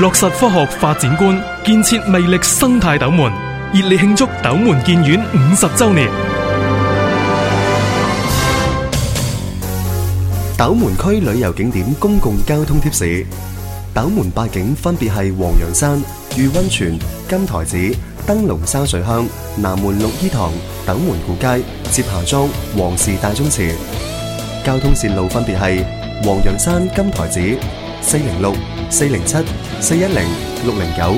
落實科學發展觀，建設魅力生態斗門，熱烈慶祝斗門建院五十周年。斗門區旅遊景點公共交通貼士:斗門八景分別是黃楊山、御温泉、金台寺、燈籠沙水鄉、南門綠衣堂、斗門古街、接霞莊、黃氏大宗祠。交通線路分別是黃楊山、金台寺。四零六、四零七、四一零、六零九，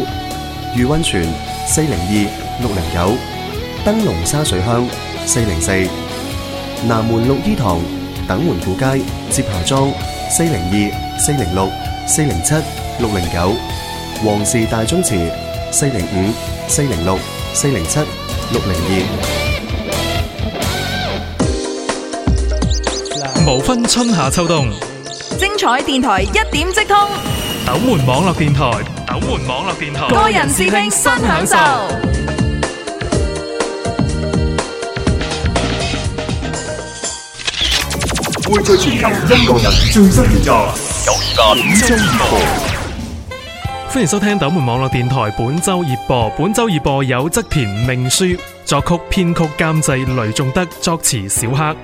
御溫泉四零二六零九，燈籠沙水鄉四零四，南門六一堂、等門古街、接霞莊四零二、四零六、四零七、六零九，黃氏大宗祠四零五、四零六、四零七、六零二，無分春夏秋冬。精彩電台一點即通，斗門網絡電台，斗門網絡電台，個人視聽新享受，匯歡迎收聽斗門網絡電台本周熱播，本周熱播有《側田命書》，作曲，編曲監製、編曲、監製雷仲德，作詞小黑。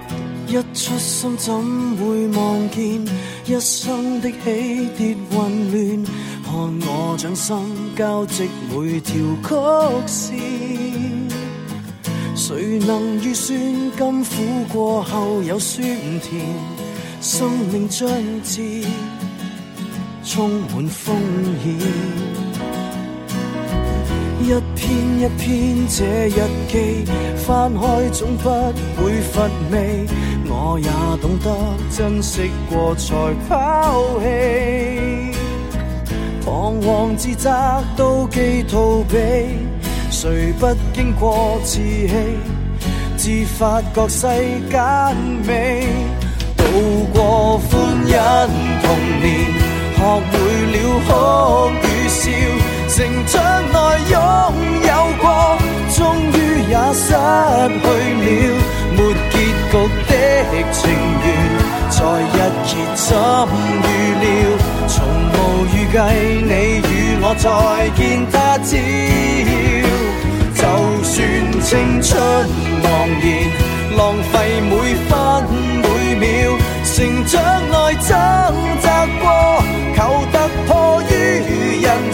一出生怎會望見一生的起跌混亂？看我掌心交織每條曲線，誰能預算甘苦過後有酸甜？生命將至充滿風險。一篇一篇這日記，翻開總不會乏味。我也懂得珍惜過才拋棄，彷徨自責、妒忌逃避，誰不經過自欺，至發覺世間美。渡過歡欣童年，學會了哭與笑。成長內擁有過，終於也失去了，沒結局的情緣在一結怎預料，從無預計你與我再見他朝。就算青春茫然，浪費每分每秒，成長內掙扎。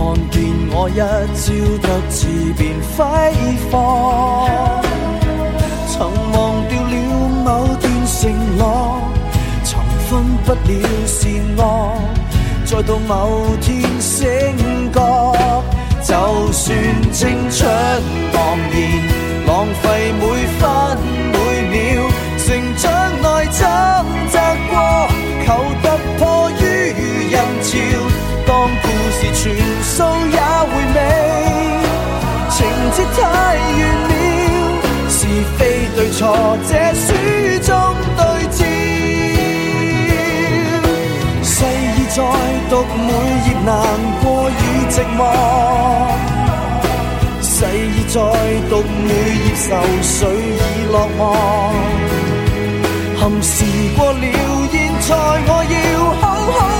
看見我一朝得志便揮霍，曾忘掉了某段承諾，曾分不了善惡，再到某天醒覺，就算青春茫然，浪費每分每秒，成長內掙扎過，求突破。和這書中對照，細意再讀每頁難過與寂寞，細意再讀每頁愁緒已落寞，憾事過了，現在我要好好。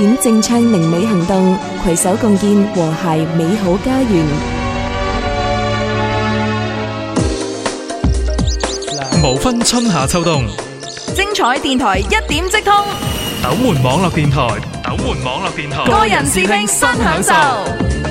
點正唱明美行動，携手共建和諧美好家園。無分春夏秋冬，精彩電台一點即通。斗門網絡電台，斗門網絡電台，個人視聽新享受。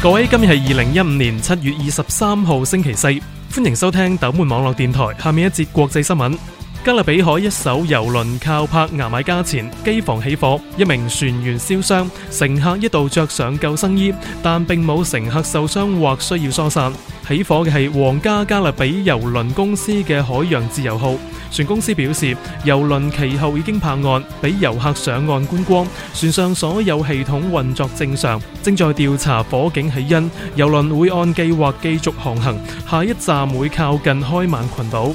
各位，今日係二零一五年七月二十三號星期四，歡迎收聽斗門網絡電台。下面一節國際新聞。加勒比海一艘遊輪靠泊牙買加前機房起火，一名船員燒傷，乘客一度着上救生衣，但並冇乘客受傷或需要疏散。起火嘅係皇家加勒比遊輪公司嘅海洋自由號，船公司表示遊輪其後已經泊岸，俾遊客上岸觀光，船上所有系統運作正常，正在調查火警起因，遊輪會按計劃繼續航行，下一站會靠近開曼群島。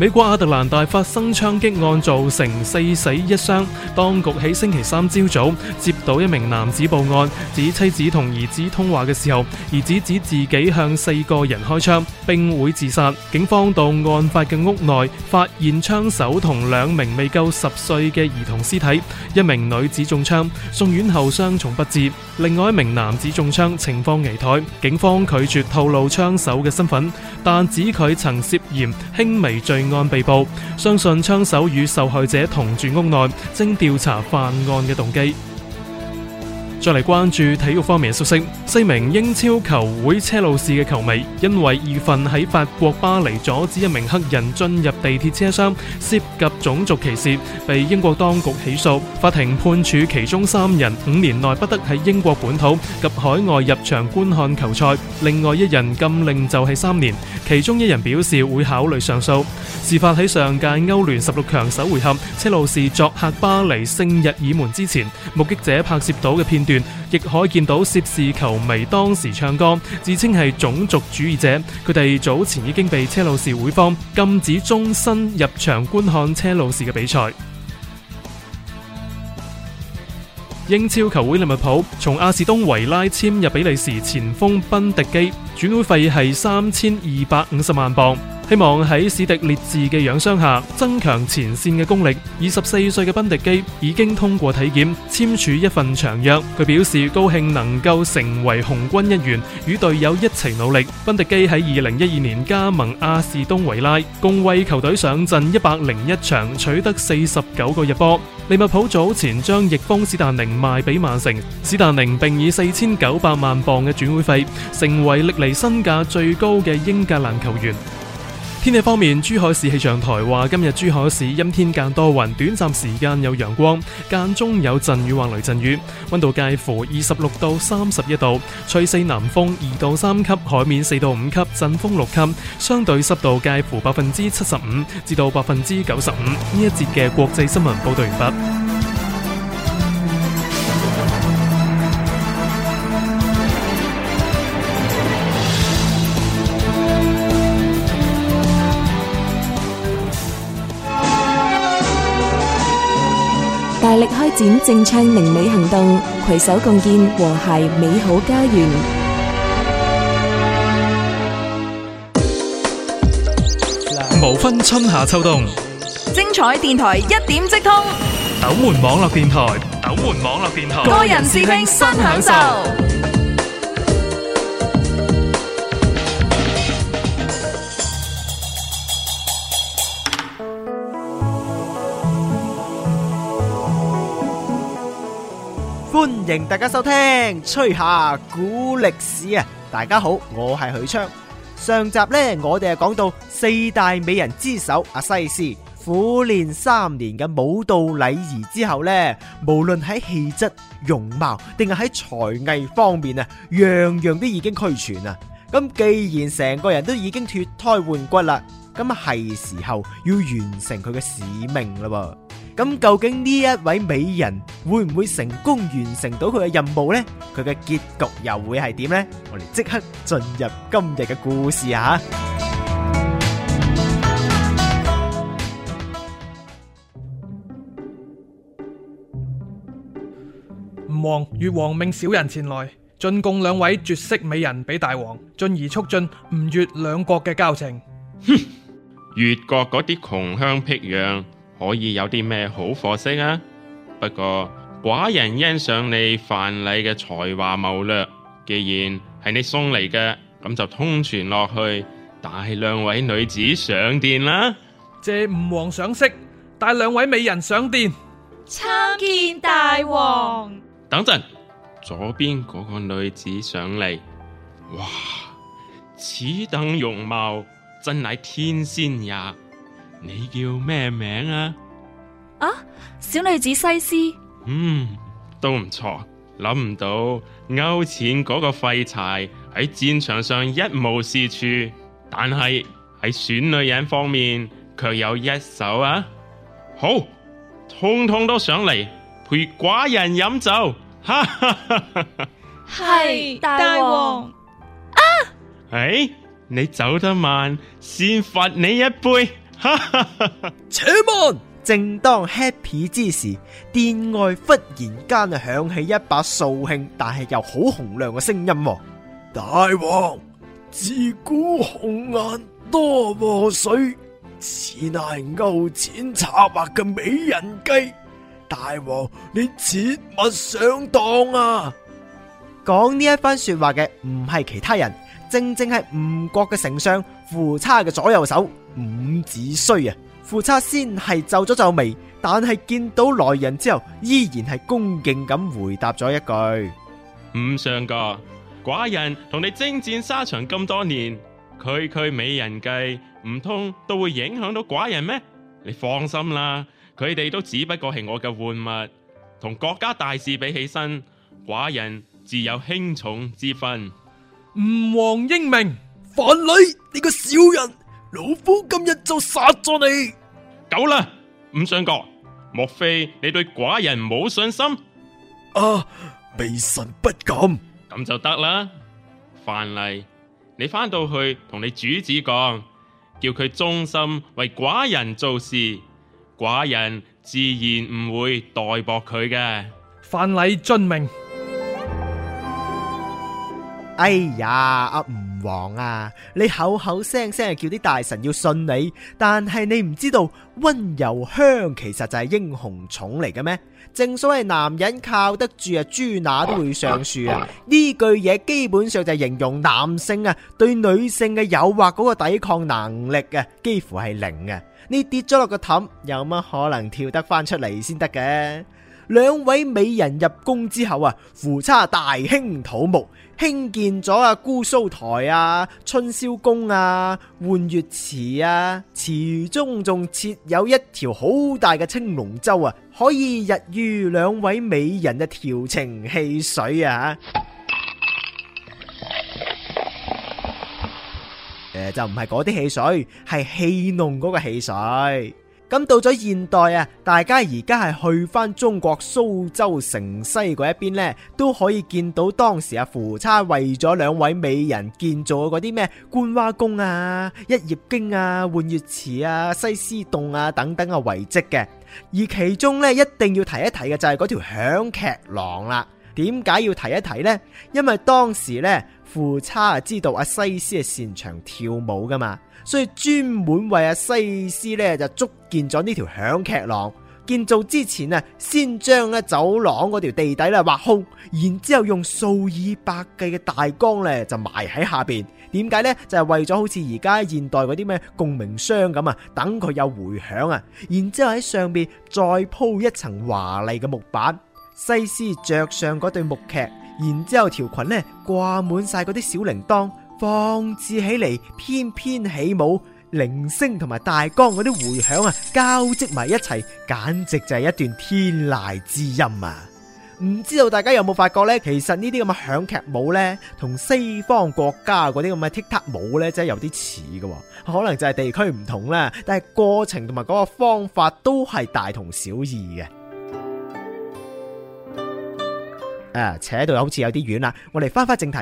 美國亞特蘭大發生槍擊案，造成四死一傷。當局喺星期三朝早接到一名男子報案，指妻子同兒子通話嘅時候，兒子指自己向四個人開槍並會自殺。警方到案發嘅屋內發現槍手同兩名未夠十歲嘅兒童屍體，一名女子中槍送院後傷重不治，另外一名男子中槍情況危殆。警方拒絕透露槍手嘅身份，但指佢曾涉嫌輕微罪案被捕，相信槍手與受害者同住屋內，正調查犯案嘅動機。再嚟關注體育方面嘅消息，四名英超球會車路士嘅球迷，因為二月份喺法國巴黎阻止一名黑人進入地鐵車廂，涉及種族歧視，被英國當局起訴。法庭判處其中三人五年內不得喺英國本土及海外入場觀看球賽，另外一人禁令就係三年，其中一人表示會考慮上訴。事發喺上屆歐聯十六強首回合，車路士作客巴黎聖日耳門之前，目擊者拍攝到嘅片段。段亦可以見到涉事球迷當時唱歌，自稱係種族主義者。佢哋早前已經被車路士會方禁止終身入場觀看車路士嘅比賽。 英超球會利物浦從阿士東維拉簽入比利時前鋒賓迪基，轉會費係三千二百五十萬鎊。希望喺史迪列治嘅養傷下增強前線嘅功力。二十四歲嘅賓迪基已經通過體檢，簽署一份長約。佢表示高興能夠成為紅軍一員，與隊友一齊努力。賓迪基喺二零一二年加盟阿士東維拉，共為球隊上陣一百零一場，取得四十九個入波。利物浦早前將翼鋒史達寧賣俾曼城，史達寧並以四千九百萬鎊嘅轉會費，成為歷嚟身價最高嘅英格蘭球員。天氣方面，珠海市氣象台話今日珠海市陰天間多雲，短暫時間有陽光，間中有陣雨或雷陣雨。溫度介乎二十六到三十一度，吹西南風二到三級，海面四到五級，陣風六級。相對濕度介乎百分之七十五至到百分之九十五。呢一節嘅國際新聞報道完畢。大力開展淨暢寧美行動，攜手共建和諧美好家園。無分春夏秋冬，精彩電台一點即通。斗門網絡電台，斗門網絡電台，個人視聽新享受。歡迎大家收聽《吹下古歷史》啊！大家好，我係許昌。上集呢，我哋啊講到四大美人之首阿西施苦練三年嘅舞蹈禮儀之後呢，無論喺氣質、容貌定係喺才藝方面啊，樣樣都已經俱全啊！咁既然成個人都已經脫胎換骨啦，咁係時候要完成佢嘅使命啦。咁究竟呢一位美人會唔會成功完成到佢嘅任務呢？佢嘅結局又會係點呢？我哋即刻進入今日嘅故事吓。吳王越王命小人前來進貢兩位絕色美人俾大王，進而促進吳越兩國嘅交情。哼，越國嗰啲窮鄉僻壤。可以有啲咩好貨色啊？不過寡人欣賞你范蠡嘅才華謀略，既然係你送嚟嘅，咁就通傳落去，帶兩位女子上殿啦！謝吳王賞識，帶兩位美人上殿。參見大王。等陣，左邊嗰個女子上嚟，哇！此等容貌，真乃天仙也。你叫咩名啊？啊，小女子西施。嗯，都唔錯。諗唔到，勾錢嗰個廢柴喺戰場上一無是處，但係喺選女人方面卻有一手啊！好，通通都上嚟陪寡人飲酒。哈哈哈哈，係大王啊！哎，你走得慢，先罰你一杯。哈！請問！正當 happy 之時，殿外忽然間響起一把掃興但係又好洪亮嘅聲音：大王，自古紅顏多禍水，此乃勾踐策劃嘅美人計。大王，你切勿上當啊！講呢一番說話嘅唔係其他人，正正係吳國嘅丞相夫差嘅左右手。伍子胥啊！夫差先係皺咗皺眉，但係見到來人之後，依然係恭敬咁回答咗一句：伍相國，寡人同你征戰沙場咁多年，區區美人計唔通都會影響到寡人咩？你放心啦，佢哋都只不過係我嘅玩物，同國家大事比起身，寡人自有輕重之分。吳王英明！范蠡，你個小人！老夫今日就殺咗你，夠啦！伍相國，莫非你對寡人冇信心？啊，微臣不敢。咁就得啦。范蠡，你返到去同你主子講，叫佢忠心為寡人做事，寡人自然唔會代薄佢嘅。范蠡遵命。哎呀，唔。王啊！你口口聲聲叫啲大臣要信你，但係你唔知道溫柔鄉其實就係英雄塚嚟嘅咩？正所謂男人靠得住啊，豬乸都會上樹啊！呢句嘢基本上就係形容男性啊對女性嘅誘惑嗰個抵抗能力啊，幾乎係零啊！你跌咗落個氹，有乜可能跳得返出嚟先得嘅？兩位美人入宮之後啊，夫差大興土木，興建咗啊姑蘇台啊、春宵宮啊、玩月池啊，池中仲設有一條好大嘅青龍舟啊，可以日與兩位美人嘅調情戲水啊誒、嗯，就唔係嗰啲汽水，係戲弄嗰個戲水。咁到咗現代啊，大家而家係去返中國蘇州城西嗰一邊呢，都可以見到當時阿夫差為咗兩位美人建造嗰啲咩觀花宮啊、一葉經啊、玩月池啊、西施洞啊等等嘅遺跡嘅。而其中呢，一定要提一提嘅就係嗰條響劇廊啦。點解要提一提呢？因為當時咧，夫差啊知道阿西施係擅長跳舞噶嘛，所以專門為阿西施咧就築建咗呢條響劇廊。建造之前啊，先將咧走廊嗰條地底咧挖空，然之後用數以百計嘅大缸咧就埋喺下邊。點解呢？就係、是、為咗好似而家現代嗰啲咩共鳴箱咁啊，等佢有回響啊，然之後喺上面再鋪一層華麗嘅木板。西施着上嗰對木屐，然之後條裙呢掛滿晒嗰啲小鈴鐺，放置起嚟翩翩起舞，鈴聲同埋大江嗰啲回響啊，交織埋一齊，簡直就係一段天籟之音啊！唔知道大家有冇發覺呢？其實呢啲咁嘅響屐舞呢，同西方國家嗰啲咁嘅踢踏舞呢，真係有啲似嘅，可能就係地區唔同啦，但係過程同埋嗰個方法都係大同小異嘅。啊、扯到好似有啲遠啦，我哋翻翻正題。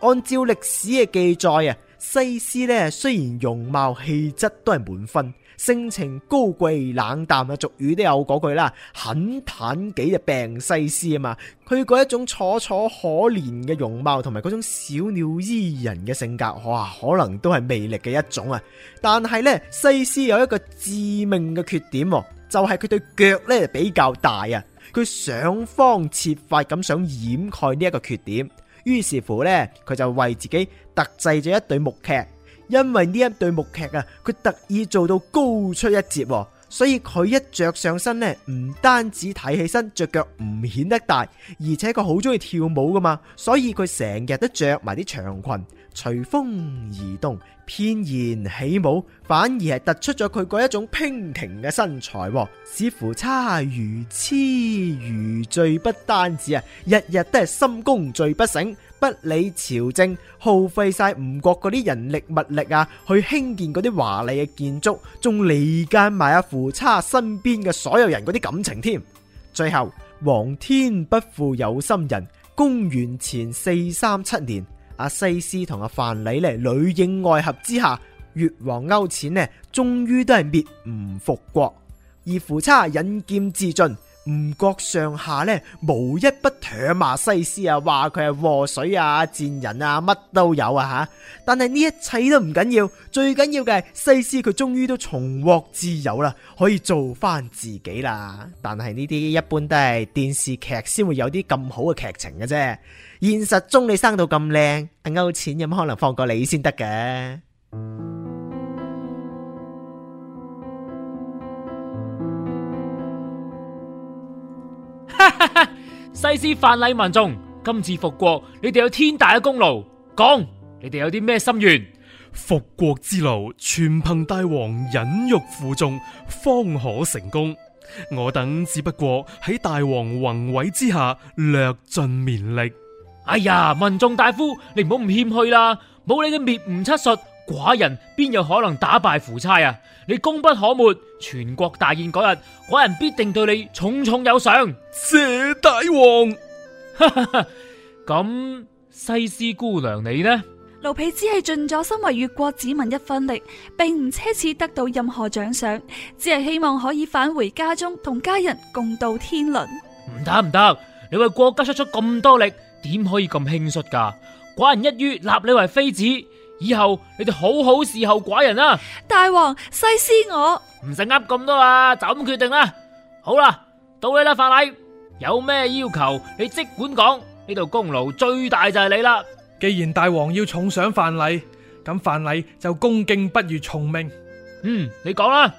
按照歷史嘅記載啊，西施呢雖然容貌氣質都係滿分，性情高貴冷淡啊，俗語都有嗰句啦，很坦己嘅病西施啊嘛。佢嗰一種楚楚可憐嘅容貌，同埋嗰種小鳥依人嘅性格，哇，可能都係魅力嘅一種啊。但係呢，西施有一個致命嘅缺點，就係、是、佢對腳呢比較大啊。佢想方設法咁想掩蓋呢一個缺點，於是乎呢，佢就為自己特製咗一對木屐。因為呢一對木屐啊，佢特意做到高出一截，所以佢一着上身呢，唔單止睇起身着腳唔顯得大，而且佢好中意跳舞噶嘛，所以佢成日都着埋啲長裙。隨風而動，翩然起舞，反而係突出咗佢嗰一種娉婷嘅身材。夫差如痴如醉，不單止啊，日日都係心功醉不醒，不理朝政，耗費晒吳國嗰啲人力物力啊，去興建嗰啲華麗嘅建築，仲離間埋阿夫差身邊嘅所有人嗰啲感情添。最後，皇天不負有心人，公元前四三七年。阿西施同阿范蠡咧，裡應外合之下，越王勾踐呢，終於都係滅吳復國，而夫差引劍自盡。吳國上下呢，無一不唾罵西施啊，話佢係禍水啊、賤人啊，乜都有啊吓。但係呢一切都唔緊要，最緊要嘅係西施佢終於都重獲自由啦，可以做翻自己啦。但係呢啲一般都係電視劇先會有啲咁好嘅劇情嘅啫。現實中你生到咁靚，勾踐有乜可能放過你先得嘅？哈！ 西施、范蠡、文種，今次復國，你哋有天大嘅功勞。講，你哋有啲咩心願？復國之路，全憑大王忍辱負重，方可成功。我等只不過喺大王宏偉之下略盡綿力。哎呀，文種大夫，你唔好咁謙虛啦，冇你嘅滅吳七術，寡人邊有可能打敗夫差啊！你功不可沒，全國大宴嗰日，寡人必定對你重重有賞。謝大王。咁 西施姑娘你呢？奴婢只係盡咗身為越國子民一分力，並唔奢侈得到任何獎賞，只係希望可以返回家中同家人共度天倫。唔得唔得，你為國家出咗咁多力，點可以咁輕率㗎？寡人一於立你為妃子。以後你哋好好侍候寡人啦，大王，西施我唔使噏咁多啦，就咁決定啦。好啦，到你啦，范禮，有咩要求你即管講。呢度功勞最大就係你啦。既然大王要重賞范禮，咁范禮就恭敬不如從命。嗯，你講啦。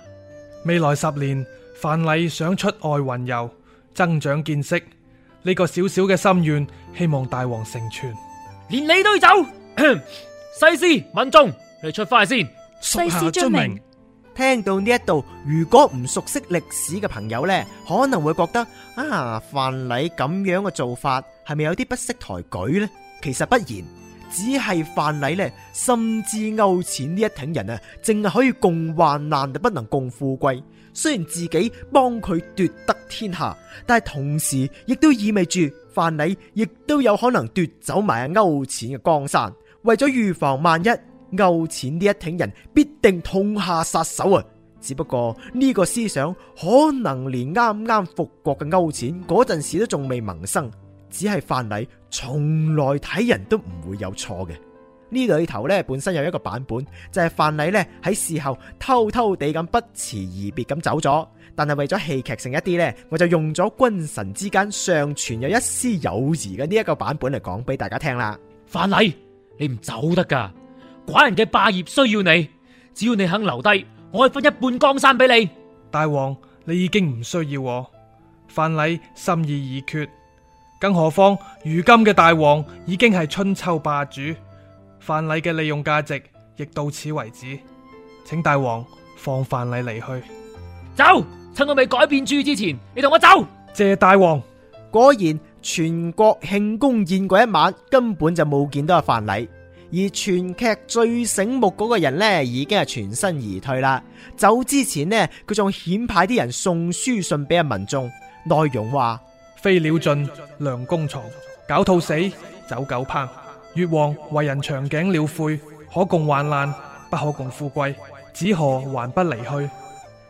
未來十年，范禮想出外雲遊，增長見識。呢個小小嘅心願，希望大王成全。連你都要走。西施、文種，你出快先。西施君明，聽到呢一度，如果唔熟悉歷史嘅朋友呢，可能會覺得「啊，范蠡咁樣嘅做法係咪有啲不識抬舉呢？」其實不然，只係范蠡呢，深知勾踐呢一挺人啊，淨係可以共患難，就不能共富貴。雖然自己幫佢奪得天下，但係同時亦都意味住范蠡亦都有可能奪走埋勾踐嘅江山。為咗預防萬一，勾錢呢一挺人必定痛下殺手啊！只不過呢個思想可能連啱啱復國嘅勾錢嗰陣時都仲未萌生，只係范禮從來睇人都唔會有錯嘅。呢裏頭呢本身有一個版本，就係范禮呢喺事後偷偷地咁不辭而別咁走咗，但係為咗戲劇性一啲呢，我就用咗君臣之間尚存有一絲友誼嘅呢一個版本嚟講俾大家聽啦，范禮。你唔走得噶，寡人嘅霸業需要你。只要你肯留低，我可以分一半江山俾你。大王，你已經唔需要我。范禮心意已決，更何況如今嘅大王已經係春秋霸主，范禮嘅利用價值亦到此為止。請大王放范禮離去。走！趁我未改變主意之前，你同我走。謝大王，果然。全國慶功宴嗰一晚，根本就冇見到阿范禮。而全劇最醒目嗰個人呢，已經係全身而退啦。走之前呢，佢仲遣派啲人送書信俾阿民眾，內容話：飛鳥盡，良弓藏；狡兔死，走狗烹。越王為人長頸鳥喙，可共患難，不可共富貴，子何還不離去？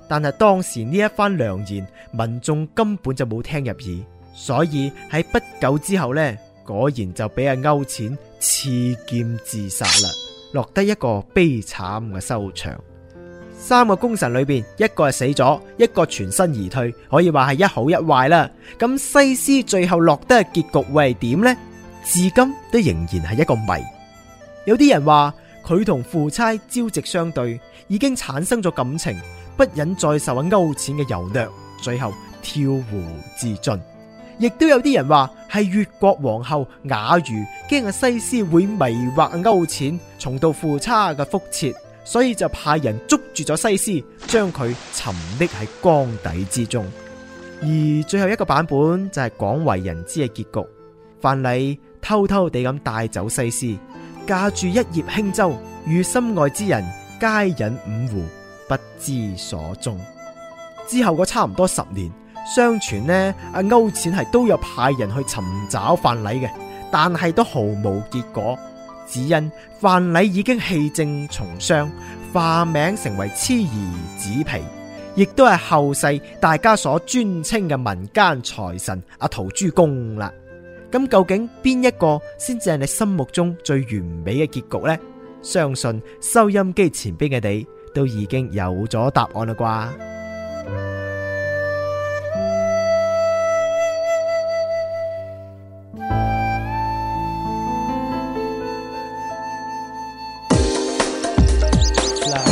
但係當時呢一番良言，民眾根本就冇聽入耳。所以喺不久之後呢，果然就俾阿勾踐賜劍自殺啦，落得一個悲慘嘅收場。三個功臣裏邊，一個係死咗，一個全身而退，可以話係一好一壞啦。咁西施最後落得嘅結局會係點呢？至今都仍然係一個謎。有啲人話佢同夫差朝夕相對，已經產生咗感情，不忍再受阿勾踐嘅遊掠，最後跳湖自盡。亦都有啲人話係越國皇后雅魚驚阿西施會迷惑勾踐，重蹈夫差嘅覆轍，所以就派人捉住咗西施，將佢沉溺喺江底之中。而最後一個版本就係廣為人知嘅結局：范蠡偷偷地咁帶走西施，架住一葉輕舟，與心愛之人皆隱五湖，不知所蹤。之後嗰差唔多十年。相傳呢，阿勾踐係都有派人去尋找范蠡嘅，但係都毫無結果，只因范蠡已經棄政從商，化名成為鴟夷子皮，亦都係後世大家所尊稱嘅民間財神阿陶朱公啦。咁究竟邊一個先至係你心目中最完美嘅結局呢？相信收音機前邊嘅你都已經有咗答案啦啩。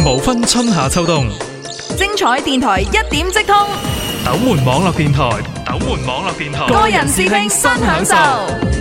無分春夏秋冬，精彩電台一點即通，鬥門網絡電台，鬥門網絡電台，個人視聽新享受。